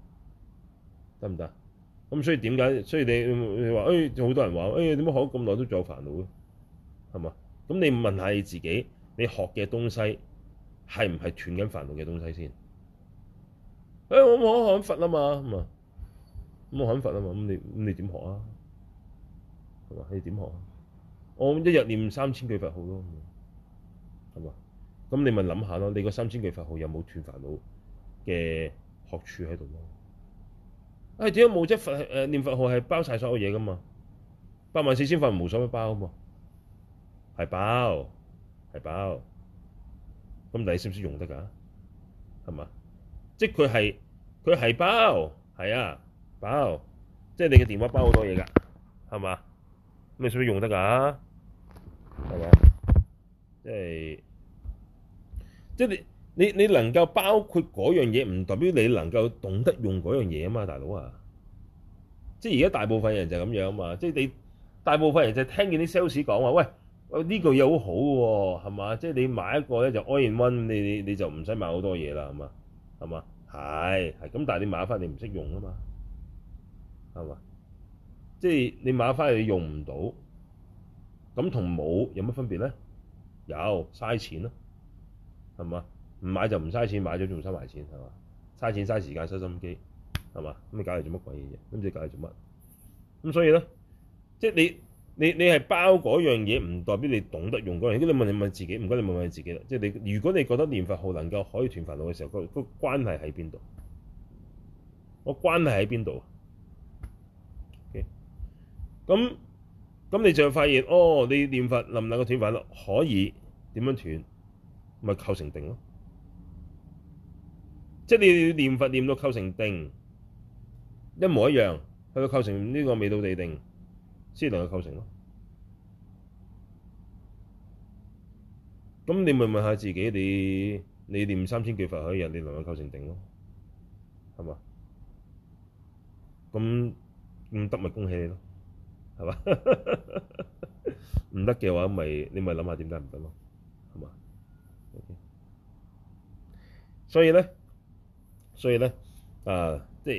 得唔得？咁所以點解？所以你你話誒，好、哎、多人話誒，點、哎、解學咗咁耐都仲有煩惱咧？係嘛？咁你問下你自己，你學嘅東西係唔係斷緊煩惱嘅東西先？誒、哎，我冇可學佛啊嘛，咁啊，咁我學佛啊嘛，咁你咁你點學啊？係嘛？你點學？我一日念三千句佛號咯，係嘛？咁你咪諗下咯，你個三千句佛號有冇斷煩惱嘅學處喺度咯？誒、哎，點解冇質佛誒、呃、念佛號係包晒所有嘢噶嘛？八萬四千佛無所不包啊嘛，係包係包。咁你識唔識用得噶？係嘛？即係佢係佢係包係啊，包即係你嘅電話包好多嘢噶，係嘛？咁你識唔識用得噶？係咪？即係。即係你你你能夠包括嗰樣嘢，唔代表你能夠懂得用嗰樣嘢啊嘛，大佬啊！即係而家大部分人就係咁樣啊嘛！即係你大部分人就係聽見啲 sales 講話，喂，呢個嘢好好喎，係嘛？即係你買一個咧就 all in one，你你你就唔使買好多嘢啦，係嘛？係嘛？係係咁，但係你買翻你唔識用啊嘛，係嘛？即係你買翻你用唔到，咁同冇有乜分別咧？有嘥錢咯～係嘛？唔買就唔嘥錢，買咗仲唔嘥埋錢，係嘛？嘥錢嘥時間嘥心機，係嘛？咁你搞嚟做乜鬼嘢啫？咁你搞嚟做乜？咁所以咧，即係你你你係包嗰樣嘢，唔代表你懂得用嗰樣嘢。咁你問你問自己，唔該你問問自己啦。即係你，如果你覺得念佛號能夠可以斷煩惱嘅時候，個、嗰個關係喺邊度？嗰個關係喺邊度？咁咁你就發現，哦，你念佛能唔能夠斷煩惱？可以點樣斷？咪構成定咯，即係你念佛念到構成定，一模一樣，去到構成呢個未到地定，先能夠構成咯。咁你咪問下自己，你你念三千幾佛可以人，你能夠構成定咯，係嘛？咁唔得咪恭喜你咯，係嘛？唔得嘅話，咪你咪諗下點解唔得咯。所以咧，所以咧，啊，即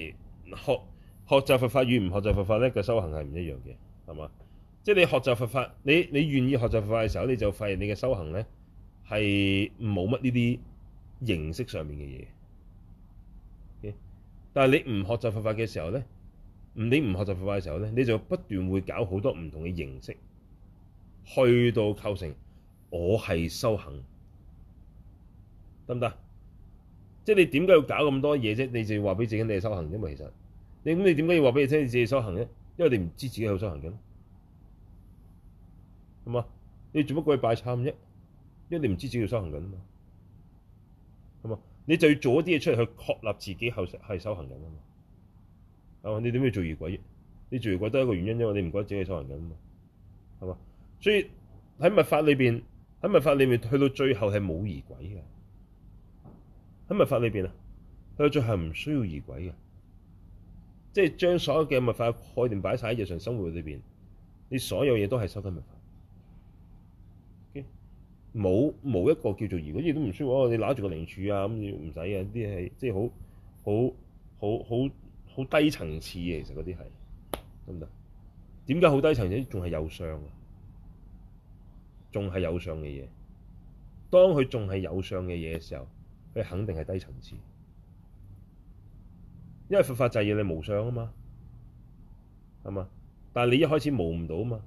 係學學習佛法與唔學習佛法咧嘅修行係唔一樣嘅，係嘛？即係你學習佛法，你你願意學習佛法嘅時候，你就發現你嘅修行咧係冇乜呢啲形式上面嘅嘢。Okay? 但係你唔學習佛法嘅時候咧，唔你唔學習佛法嘅時候咧，你就不斷會搞好多唔同嘅形式，去到構成我係修行，得唔得？即係你點解要搞咁多嘢啫？你就要話俾自己你係修行啫嘛，其實你咁你點解要話俾你聽你自己修行咧？因為你唔知自己係修行緊，係嘛？你做乜鬼拜參啫？因為你唔知自己要修行緊嘛，係嘛？你就要做一啲嘢出嚟去確立自己係實修行緊啊嘛。係嘛？你點要做疑鬼？你做疑鬼都係一個原因，因為你唔覺得自己係修行緊啊嘛，係嘛？所以喺密法裏邊，喺密法裏面去到最後係冇疑鬼嘅。喺密法裏邊啊，佢最後唔需要儀軌嘅，即係將所有嘅密法概念擺晒喺日常生活裏邊，你所有嘢都係收緊密法。冇、okay? 冇一個叫做儀軌，啲都唔需要。哦、你揦住個鈴杵啊，咁樣唔使嘅啲係，即係好好好好好低層次嘅，其實嗰啲係得唔得？點解好低層仲係有相？仲係有相嘅嘢，當佢仲係有相嘅嘢嘅時候。佢肯定係低層次，因為佛法就係要你無相啊嘛，係嘛？但係你一開始無唔到啊嘛，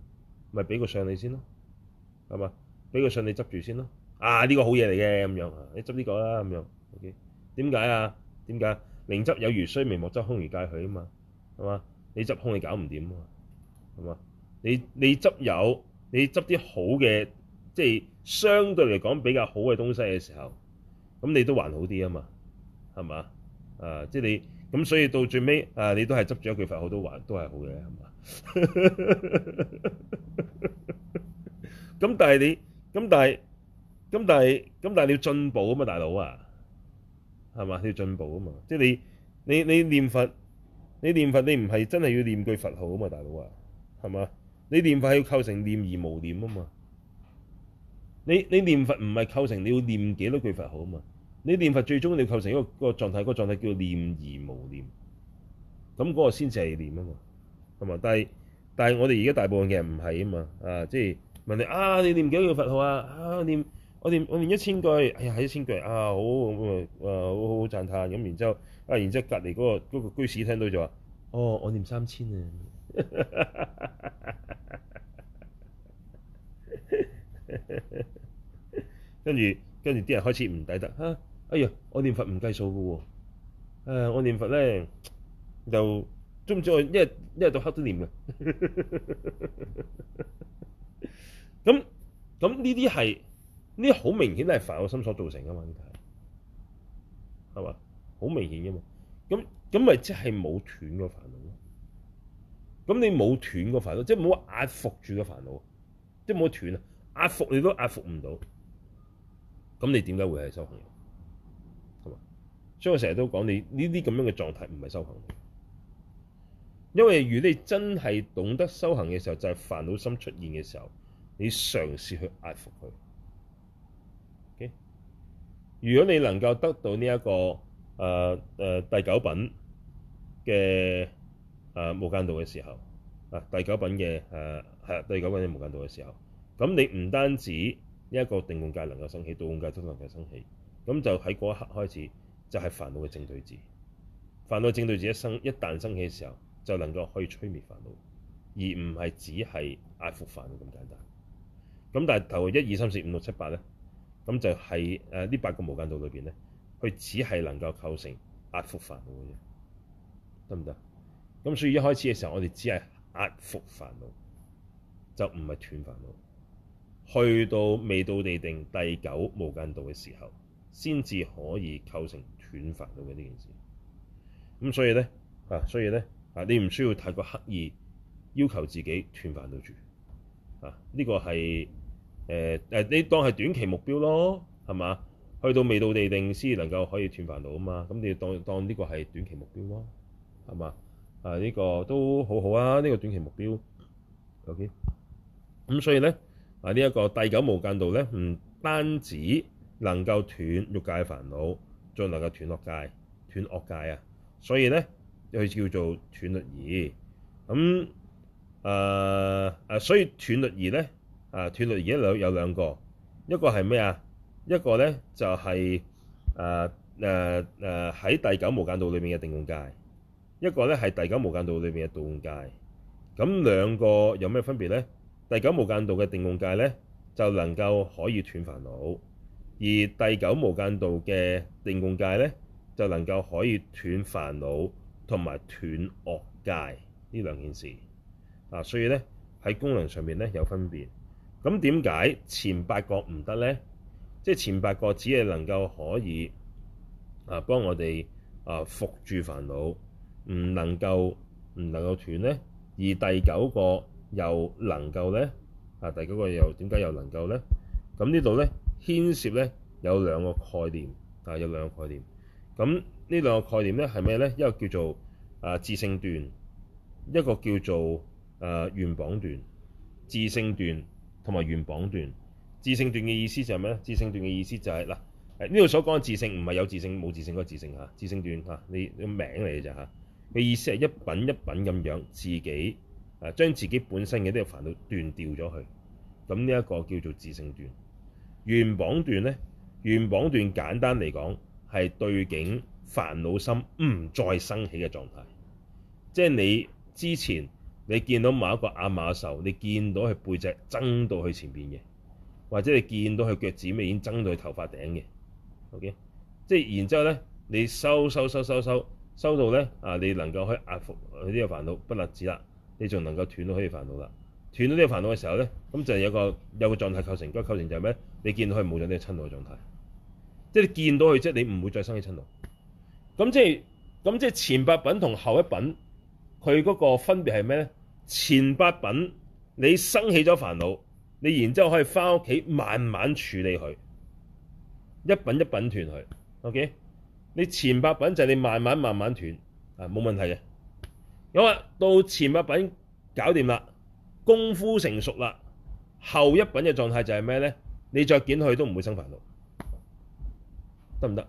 咪畀個相你先咯，係嘛？畀個相你執住先咯。啊，呢個好嘢嚟嘅咁樣，你執呢個啦咁樣。OK，點解啊？點解？寧執有如須彌，莫執空如芥許啊嘛，係嘛？你執空你搞唔掂啊嘛，係嘛？你你執有，你執啲好嘅，即係相對嚟講比較好嘅東西嘅時候。咁你都還好啲啊嘛，係嘛？啊，即係你咁，所以到最尾啊，你都係執住一句佛號都還都係好嘅，係嘛？咁 但係你，咁但係，咁但係，咁但係你要進步啊嘛，大佬啊，係嘛？你要進步啊嘛，即係你，你你念佛，你念佛你唔係真係要念句佛號啊嘛，大佬啊，係嘛？你念佛係要構成念而無念啊嘛。你你念佛唔係構成你要念幾多句佛號啊嘛？你念佛最終你要構成一個狀態，那個狀態，個狀態叫念而無念，咁、那、嗰個先至係念啊嘛，係嘛？但係但係我哋而家大部分嘅人唔係啊嘛，啊即係問你啊，你念幾多句佛號啊？啊，我念我念我念一千句，哎呀，係一千句啊，好咁啊，好好讚嘆咁，然之後啊，然之後隔籬嗰、那個、那個居士聽到就話：哦，我念三千啊！ 跟住，跟住啲人開始唔抵得吓、啊，哎呀，我念佛唔計數噶喎，誒、啊，我念佛咧就中唔知我一日一日到黑都念噶，咁咁呢啲係呢好明顯係煩惱心所造成嘅問題，係嘛？好明顯噶嘛？咁咁咪即係冇斷過煩惱，咁你冇斷過煩惱，即係冇壓伏住個煩惱，即係冇斷啊！壓服你都壓服唔到，咁你點解會係修行人？咁所以我成日都講，你呢啲咁樣嘅狀態唔係修行人。因為如果你真係懂得修行嘅時候，就係煩惱心出現嘅時候，你嘗試去壓服佢。Okay? 如果你能夠得到呢、這、一個誒誒、呃呃、第九品嘅誒、呃、無間道嘅時候啊，第九品嘅誒係第九品嘅、呃、無間道嘅時候。咁你唔單止呢一個定共戒能夠生起，道共戒都能夠生起，咁就喺嗰一刻開始就係、是、煩惱嘅正對治。煩惱正對治一生一旦生起嘅時候，就能夠可以吹滅煩惱，而唔係只係壓服煩惱咁簡單。咁但係頭一二三四五六七八咧，咁就係誒呢八個無間道裏邊咧，佢只係能夠構成壓服煩惱嘅啫。得唔得？咁所以一開始嘅時候，我哋只係壓服煩惱，就唔係斷煩惱。去到未到地定第九無間道嘅時候，先至可以構成斷煩惱嘅呢件事。咁、嗯、所以咧啊，所以咧啊，你唔需要太過刻意要求自己斷煩惱住啊。呢、這個係誒誒，你當係短期目標咯，係嘛？去到未到地定先至能夠可以斷煩惱啊嘛。咁你當當呢個係短期目標咯，係嘛？啊，呢、這個都好好啊。呢、這個短期目標 OK、嗯。咁所以咧。啊！呢、這、一個第九無間道咧，唔單止能夠斷欲界嘅煩惱，仲能夠斷惡戒、斷惡戒啊！所以咧，佢叫做斷律儀。咁誒誒，所以斷律儀咧，啊，斷律儀而家有兩個，一個係咩啊？一個咧就係誒誒誒喺第九無間道裏邊嘅定共戒，一個咧係第九無間道裏邊嘅道共戒。咁兩個有咩分別咧？第九無間道嘅定共戒呢，就能夠可以斷煩惱；而第九無間道嘅定共戒呢，就能夠可以斷煩惱同埋斷惡戒。呢兩件事。啊，所以呢，喺功能上面呢，有分別。咁點解前八個唔得呢？即係前八個只係能夠可以啊，幫我哋啊伏住煩惱，唔能夠唔能夠斷呢。而第九個。又能夠咧啊！第九個又點解又能夠咧？咁呢度咧牽涉咧有兩個概念啊，有兩個概念。咁呢兩個概念咧係咩咧？一個叫做啊、呃、自性斷，一個叫做啊緣縛斷。自性斷同埋緣縛斷。自性斷嘅意思就係咩咧？自性斷嘅意思就係、是、嗱，誒呢度所講嘅自性唔係有自性冇自性嗰個自性嚇、啊，自性斷嚇、啊，你個名嚟嘅咋？嚇、啊。個意思係一品一品咁樣自己。誒將自己本身嘅呢啲煩惱斷掉咗去，咁呢一個叫做自性斷。緣縛斷咧，緣縛斷簡單嚟講係對境煩惱心唔再生起嘅狀態。即係你之前你見到某一個亞馬獸，你見到佢背脊增到佢前邊嘅，或者你見到佢腳趾尾已經增到佢頭髮頂嘅。O.K.，即係然之後咧，你收收收收收收到咧啊！你能夠去壓服佢呢啲煩惱不立止啦。你就能夠斷到可以煩惱啦，斷到呢啲煩惱嘅時候咧，咁就係有個有個狀態構成，個構成就係咩？你見到佢冇咗呢個親怒嘅狀態，即係你見到佢即係你唔會再生起親怒。咁、嗯、即係咁即係前八品同後一品，佢嗰個分別係咩咧？前八品你生起咗煩惱，你然之後可以翻屋企慢慢處理佢，一品一品斷佢。OK，你前八品就係你慢慢慢慢斷啊，冇問題嘅。因為到前一品搞掂啦，功夫成熟啦，後一品嘅狀態就係咩咧？你再見佢都唔會生煩惱，得唔得？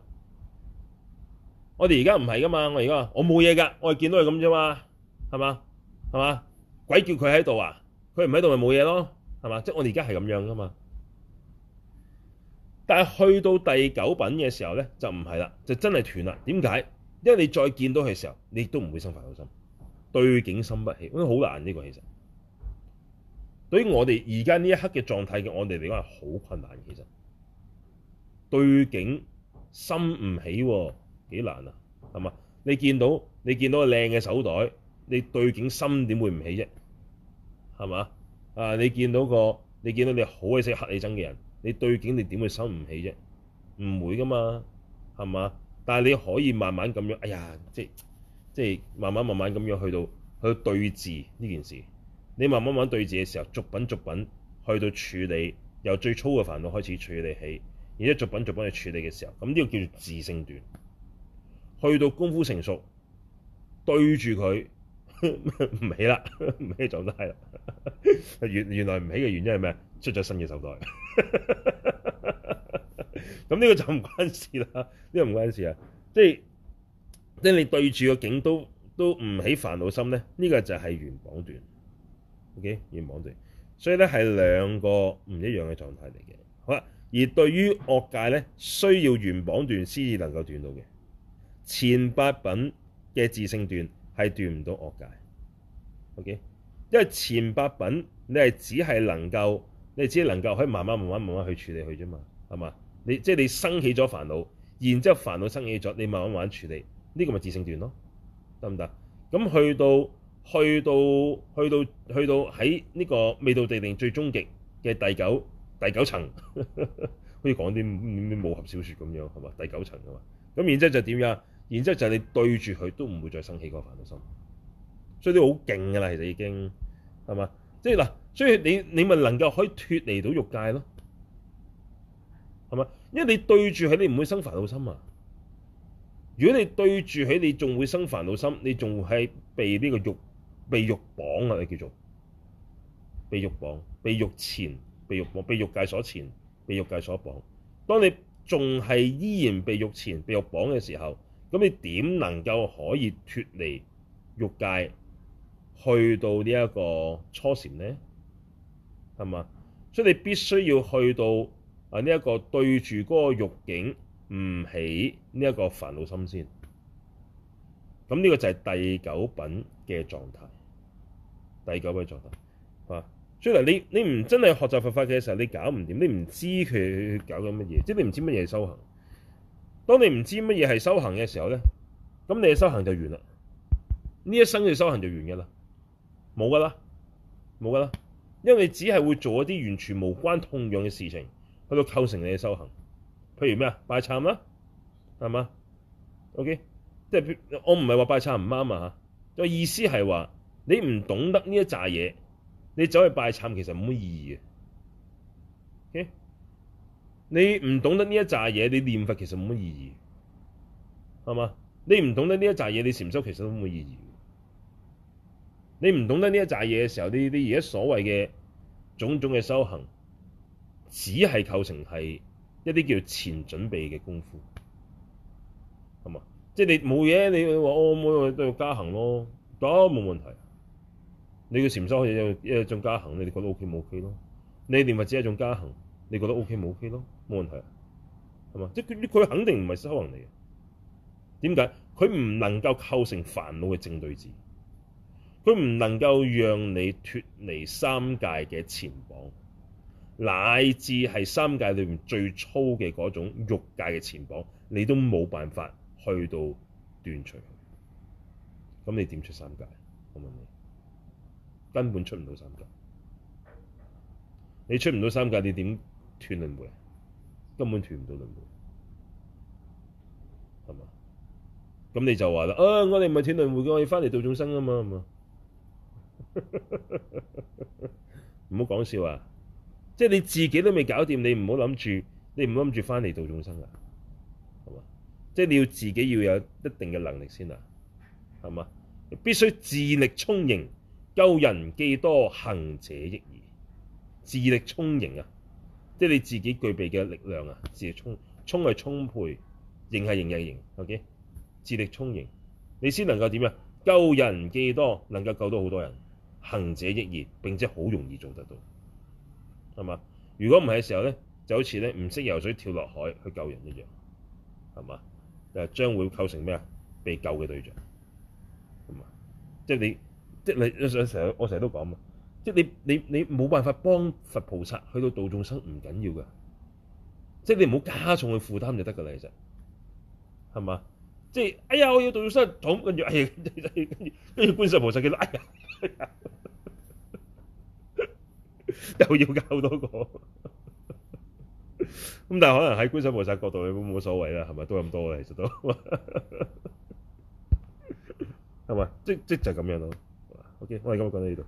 我哋而家唔係噶嘛，我而家我冇嘢噶，我係見到佢咁啫嘛，係嘛係嘛？鬼叫佢喺度啊？佢唔喺度咪冇嘢咯，係嘛？即係我哋而家係咁樣噶嘛。但係去到第九品嘅時候咧，就唔係啦，就真係斷啦。點解？因為你再見到佢嘅時候，你都唔會生煩惱心。對境心不起，咁好難呢、這個其實，對於我哋而家呢一刻嘅狀態嘅我哋嚟講係好困難，其實對、哦，對境心唔起喎，幾難啊，係嘛？你見到你見到個靚嘅手袋，你對境心點會唔起啫？係嘛？啊，你見到個你見到你好鬼死乞你憎嘅人，你對境你點會心唔起啫？唔會噶嘛，係嘛？但係你可以慢慢咁樣，哎呀，即係。即係慢慢慢慢咁樣去到去到對峙呢件事，你慢慢慢對峙嘅時候，逐品逐品去到處理，由最粗嘅煩惱開始處理起，而家逐品逐品去處理嘅時候，咁呢個叫做自性斷，去到功夫成熟，對住佢唔起啦，唔起就拉啦。原 原來唔起嘅原因係咩？出咗新嘅手袋，咁 呢個就唔關事啦，呢、呢個唔關事啊，即係。即係你對住個景都都唔起煩惱心咧，呢、這個就係緣縛斷。O K. 緣縛斷，所以咧係兩個唔一樣嘅狀態嚟嘅。好啦，而對於惡戒咧，需要緣縛斷先至能夠斷到嘅，前八品嘅自性斷斷係斷唔到惡戒。O、okay? K. 因為前八品你係只係能夠你只係能夠可以慢慢慢慢慢慢去處理佢啫嘛，係嘛？你即係你生起咗煩惱，然之後煩惱生起咗，你慢慢慢慢處理。呢個咪自性斷咯，得唔得？咁去到去到去到去到喺呢個未到地定最終極嘅第九第九層，好似講啲武俠小説咁樣，係嘛？第九層啊嘛，咁 然之後就點樣？然之後就你對住佢都唔會再生起嗰個煩惱心，所以你好勁噶啦，其實已經係嘛？即係嗱，所以你你咪能夠可以脫離到欲界咯，係嘛？因為你對住佢，你唔會生煩惱心啊。如果你對住佢，你仲會生煩惱心，你仲係被呢個欲被欲綁啊！你叫做被欲綁、被欲纏、被欲綁、被欲界所纏、被欲界所綁。當你仲係依然被欲纏、被欲綁嘅時候，咁你點能夠可以脫離欲界去到呢一個初禪呢？係嘛？所以你必須要去到啊呢一個對住嗰個欲境。唔起呢一個煩惱心先，咁呢個就係第九品嘅狀態，第九位狀態啊！所以你你唔真係學習佛法嘅時候，你搞唔掂，你唔知佢搞緊乜嘢，即係你唔知乜嘢係修行。當你唔知乜嘢係修行嘅時候咧，咁你嘅修行就完啦，呢一生嘅修行就完嘅啦，冇噶啦，冇噶啦，因為你只係會做一啲完全無關痛癢嘅事情，去到構成你嘅修行。譬如咩啊，okay? 拜懺啦，係嘛？OK，即係我唔係話拜懺唔啱啊嚇，就意思係話你唔懂得呢一揸嘢，你走去拜懺其實冇乜意義嘅。Okay? 你唔懂得呢一揸嘢，你念佛其實冇乜意義，係嘛？你唔懂得呢一揸嘢，你禪修其實都冇意義。你唔懂得呢一揸嘢嘅時候，呢啲而家所謂嘅種種嘅修行，只係構成係一啲叫前準備嘅功夫，係嘛？即係你冇嘢，你話我我我都要加行咯，咁、哦、冇問題。你嘅禪修可以又一種加行，你哋覺得 OK 冇 OK 咯？你哋咪只係一種加行，你覺得 OK 冇 OK 咯？冇、OK，問題，係嘛、啊？即係佢佢肯定唔係修行嚟嘅。點解？佢唔能夠構成煩惱嘅正對治，佢唔能夠讓你脫離三界嘅纏綁。乃至係三界裏面最粗嘅嗰種欲界嘅纏綁，你都冇辦法去到斷除。咁你點出三界？我問你，根本出唔到三界。你出唔到三界，你點斷輪迴？根本斷唔到輪迴，係嘛？咁你就話啦，啊，我哋唔係斷輪迴嘅，我 要翻嚟度眾生啊嘛，係嘛？唔好講笑啊！即係你自己都未搞掂，你唔好諗住，你唔好諗住翻嚟度眾生啊，係嘛？即係你要自己要有一定嘅能力先啊，係嘛？必須自力充盈，救人既多，行者益而，自力充盈啊！即係你自己具備嘅力量啊，自力充，充係充沛，盈係盈係盈，係盈，OK？自力充盈，你先能夠點啊？救人既多，能夠救到好多人，行者益而，並且好容易做得到。係嘛？如果唔係嘅時候咧，就好似咧唔識游水跳落海去救人一樣，係嘛？誒，將會構成咩啊？被救嘅對象，咁啊？即係你，即係你有時我成日都講嘛，即係你你你冇辦法幫佛菩薩去到度眾生，唔緊要噶，即係你唔好加重佢負擔就得噶啦，其實，係嘛？即係哎呀，我要度眾生，咁跟住哎呀，跟住跟住跟住觀世菩薩見到哎呀。 又要教多個， 咁但係可能喺觀賞菩薩角度，你都冇所謂啦，係咪都咁多嘅其實都係咪？即即 就係咁樣咯。OK， 我哋今日講到呢度。